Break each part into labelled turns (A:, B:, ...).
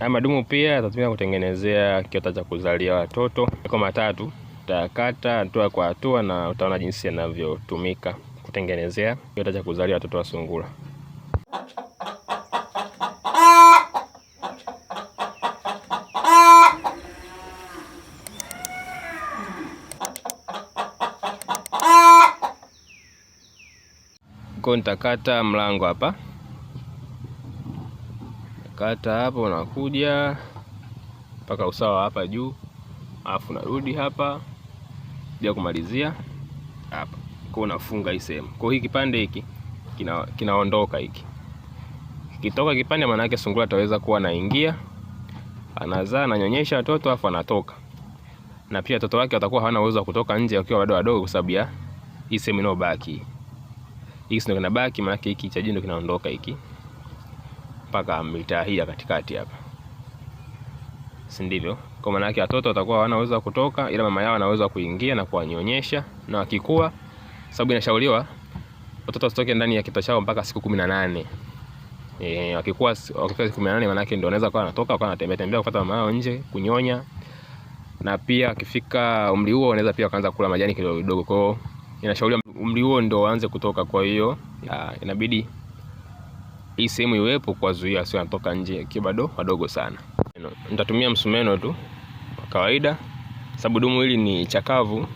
A: Haya madumu pia yatatumika kutengenezea kiota cha kuzalia watoto. Yako matatu, utakata hatua kwa hatua na utaona jinsi yanavyotumika kutengenezea kiota cha kuzalia watoto wa sungura. Kwa nitakata mlango hapa unakata hapa, unakuja mpaka usawa hapa juu, alafu unarudi hapa bila kumalizia hapa, kwa unafunga hii sehemu. Kwa hii kipande hiki kina, kinaondoka hiki kitoka kipande, maana yake sungura ataweza kuwa anaingia anazaa na nyonyesha watoto afu anatoka, na pia watoto wake watakuwa hawana uwezo wa kutoka nje wakiwa bado wadogo, kwa sababu ya hii sehemu inayobaki. Hiki ndio kinabaki, maana yake hiki cha juu ndio kinaondoka hiki mpaka mitaa hii ya katikati hapa, si ndivyo? Kwa maana yake watoto watakuwa hawana uwezo wa kutoka, ila mama yao anaweza kuingia na kuwanyonyesha, na wakikua, sababu inashauriwa watoto wasitoke ndani ya kitoto chao mpaka siku 18. Eh, wakikua wakifika siku 18 maana yake ndio wanaweza kuwa wanatoka kwa anatembea tembea kufuata mama yao nje kunyonya, na pia akifika umri huo wanaweza pia kuanza kula majani kidogo kidogo. Kwa hiyo inashauriwa umri huo ndio waanze kutoka. Kwa hiyo inabidi hii sehemu iwepo kuwazuia sio anatoka nje akiwa bado wadogo sana. Nitatumia msumeno tu kwa kawaida, sababu dumu hili ni chakavu,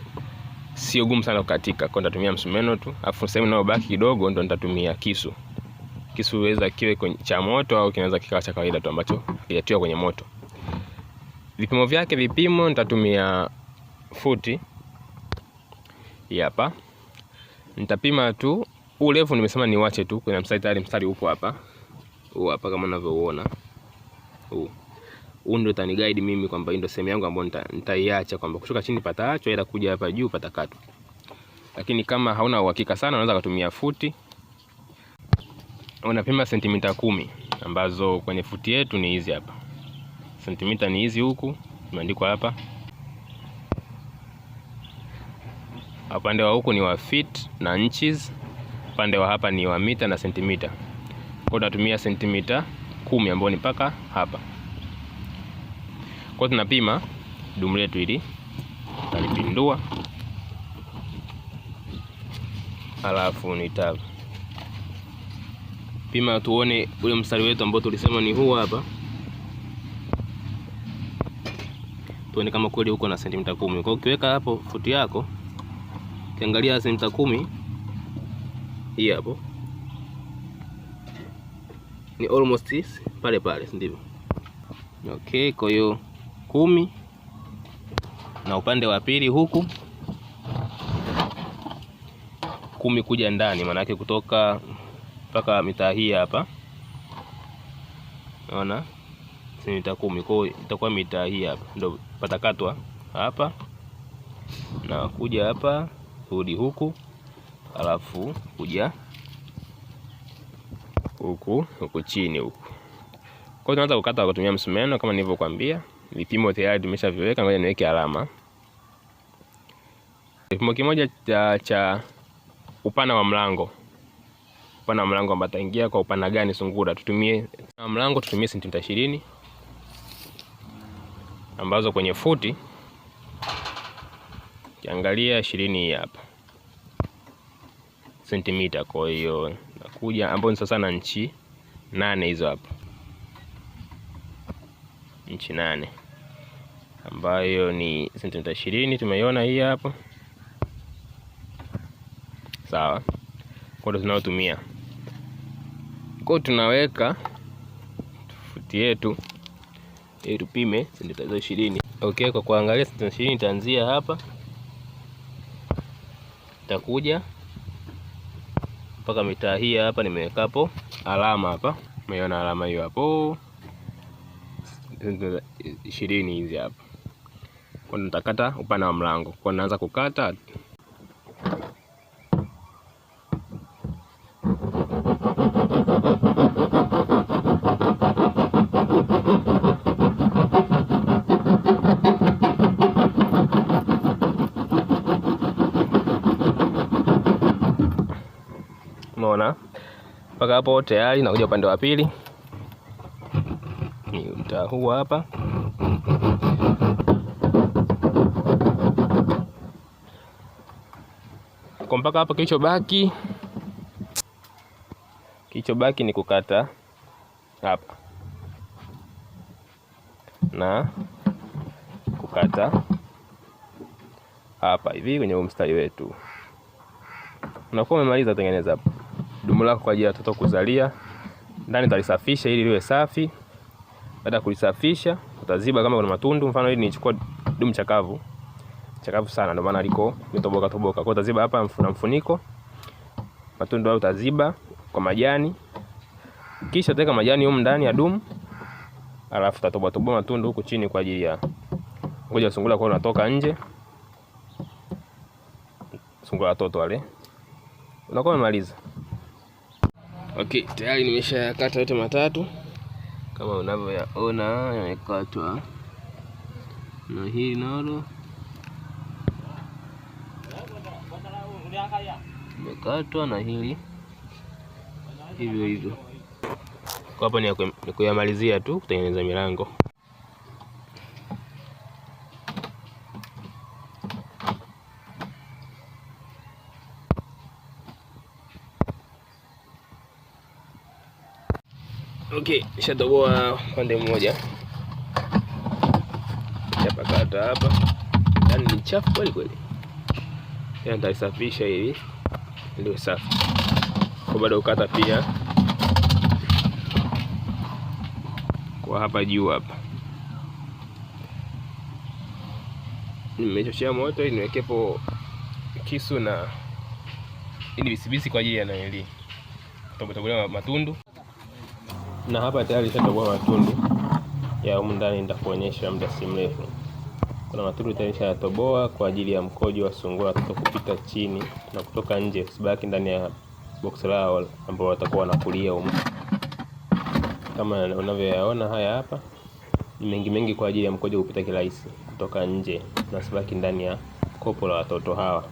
A: sio gumu sana kukatika, kwa nitatumia msumeno tu, afu sehemu inayobaki kidogo ndo nitatumia kisu. Kisu weza kiwe cha moto au kinaweza kikawa cha kawaida tu ambacho kijatiwa kwenye moto. Vipimo vyake, vipimo nitatumia futi hapa, nitapima tu huu refu nimesema niwache tu kwenye mstari tayari, mstari upo hapa, huu hapa kama unavyoona huu huu ndio tani guide mimi kwamba hii ndio sehemu yangu ambayo nitaiacha kwamba kushuka chini pataachwa, ila kuja hapa juu patakatwa. Lakini kama hauna uhakika sana, unaweza kutumia futi, unapima sentimita kumi ambazo kwenye futi yetu ni hizi hapa, sentimita ni hizi huku, imeandikwa hapa. Upande wa huku ni wa feet na inches upande wa hapa ni wa mita na sentimita, kwa tunatumia sentimita kumi ambayo ni mpaka hapa. Kwa tunapima dumu letu hili, talipindua alafu nitapima tuone ule mstari wetu ambao tulisema ni huu hapa, tuone kama kweli huko na sentimita kumi. Kwa ukiweka hapo futi yako, ukiangalia sentimita kumi hii hapo ni almost pale pale, si ndivyo? Okay, kwa hiyo kumi na upande wa pili huku kumi kuja ndani, maanake kutoka mpaka mitaa hii hapa, naona si mita kumi. Kwa hiyo itakuwa mitaa hii hapa ndio patakatwa hapa na kuja hapa, rudi huku alafu kuja huku huku chini huku. Kwa hiyo tunaanza kukata kwa kutumia msumeno kama nilivyokuambia. Vipimo tayari tumeshaviweka, ngoja niweke alama. Kipimo kimoja cha, cha upana wa mlango, upana wa mlango ambao ataingia kwa upana gani sungura, tutumie na mlango tutumie sentimita 20 ambazo kwenye futi kiangalia ishirini hii hapa sentimita. Kwa hiyo nakuja ambayo ni sasa na nchi nane, hizo hapo nchi nane ambayo ni sentimita ishirini, tumeiona hii hapo, sawa. Kwa hiyo tunayotumia kwa tunaweka tofuti yetu ili tupime sentimita hizo ishirini. Okay, kwa kuangalia sentimita ishirini itaanzia hapa, takuja mpaka mitaa hii hapa nimeweka hapo alama hapa, umeona alama hiyo hapo ishirini hizi hapa, kwa nitakata upana wa mlango, kwa naanza kukata mpaka hapo tayari. Nakuja upande wa pili, ni mtaa huu hapa. Kwa mpaka hapo, kilichobaki kilichobaki ni kukata hapa na kukata hapa hivi kwenye mstari wetu, unakuwa umemaliza tengeneza hapo dumu lako kwa ajili ya watoto kuzalia. Ndani utalisafisha ili liwe safi. Baada ya kulisafisha, utaziba kama kuna matundu. Mfano hili nilichukua dumu chakavu, chakavu sana, ndio maana liko limetoboka toboka. Kwa utaziba hapa na mfuniko, matundu hayo utaziba kwa majani, kisha utaweka majani huko ndani ya dumu, alafu utatoboa toboa matundu huku chini kwa ajili ya ngoja sungula kwa unatoka nje, sungula watoto wale, unakuwa umemaliza. Okay, tayari nimeshayakata yote matatu kama unavyoyaona yamekatwa na hii nalo imekatwa na hili hivyo hivyo. Kwa hapa ni kuyamalizia tu kutengeneza milango. Okay, nishatoboa pande mmoja, shapakata hapa. Yaani ni chafu kweli kweli, yaani nitaisafisha hivi ndio safi, kwa bado ukata pia kwa hapa juu hapa nimechoshea moto ili niwekepo kisu na ili bisibisi kwa ajili ya nanili tobotobolea matundu na hapa tayari ishatoboa matundu ya humu ndani, nitakuonyesha muda si mrefu. Kuna matundu tayari ishatoboa kwa ajili ya mkojo wa sungura watoto kupita chini na kutoka nje, usibaki ndani ya box lao ambao watakuwa wanakulia humu. Kama unavyoyaona haya hapa ni mengi mengi kwa ajili ya mkojo kupita kirahisi kutoka nje na sibaki ndani ya kopo la watoto hawa.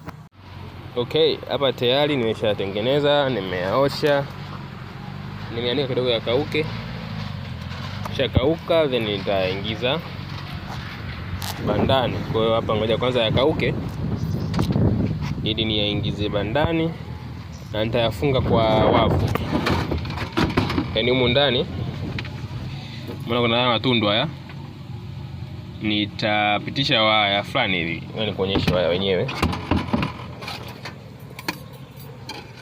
A: Okay, hapa tayari nimeshatengeneza, nimeyaosha nimeanika kidogo yakauke, shakauka then nitaingiza bandani. Kwa hiyo hapa ngoja kwanza yakauke ili niyaingize bandani na nitayafunga kwa wavu, yaani humu ndani maana kuna haya matundu haya, nitapitisha waya fulani hivi, nikuonyeshe yaani waya wenyewe,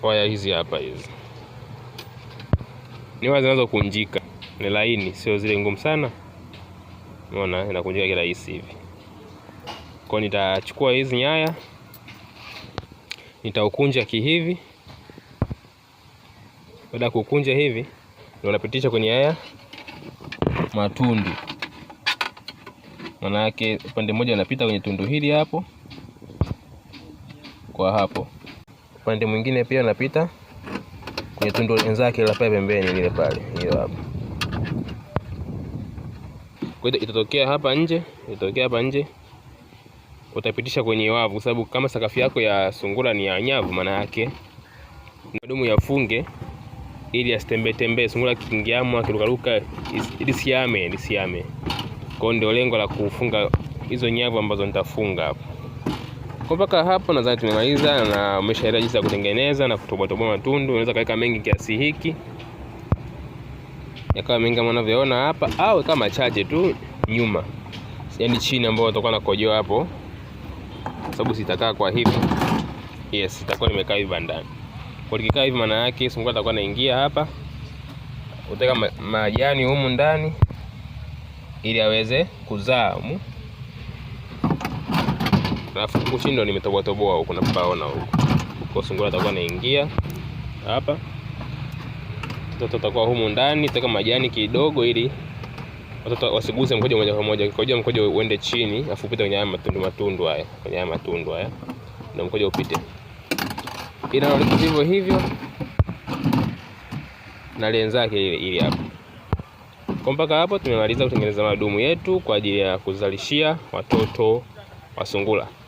A: waya hizi hapa hizi ni zinazokunjika ni laini, sio zile ngumu sana. Unaona inakunjika kirahisi hivi. Kwa nitachukua hizi nyaya nitaukunja kihivi. Baada ya kukunja hivi, ndio napitisha kwenye haya matundu. manake upande mmoja unapita kwenye tundu hili hapo kwa hapo, upande mwingine pia unapita ni tundu lenzake la pale pembeni lile pale, hiyo hapa. Kwa hiyo itatokea hapa nje, itatokea hapa nje, utapitisha kwenye wavu, kwa sababu kama sakafu yako ya sungura ni ya nyavu, maana yake madumu yafunge ili asitembee tembee sungura kikingiamo akirukaruka, ili siame, ili siame. Kwa hiyo ndio lengo la kufunga hizo nyavu ambazo nitafunga hapo. Kwa mpaka hapo nadhani tumemaliza na umeshaelewa jinsi ya kutengeneza na kutoboatoboa matundu. Unaweza kaweka mengi kiasi hiki yakawa mengi kama unavyoona hapa, au kama machache tu nyuma, yani chini, ambayo utakuwa nakojoa hapo, kwa sababu sitakaa kwa hivi. Yes, itakuwa nimekaa hivi ndani. Kwa likikaa hivi, maana yake sungura atakuwa anaingia hapa, utaweka majani humu ndani ili aweze kuzaa humu alafu huku chini ndo nimetoboa toboa huku napaona huku kwa sungura atakuwa anaingia hapa, mtoto atakuwa humu ndani, taka majani kidogo ili watoto wasiguse mkojo moja kwa moja. Ukikojoa mkojo uende chini, afu upite kwenye haya matundu matundu haya, kwenye haya matundu haya ndio mkojo upite. Ila hivyo hivyo na lenzake ile ile hapo. Kwa mpaka hapo tumemaliza kutengeneza madumu yetu kwa ajili ya kuzalishia watoto wa sungura.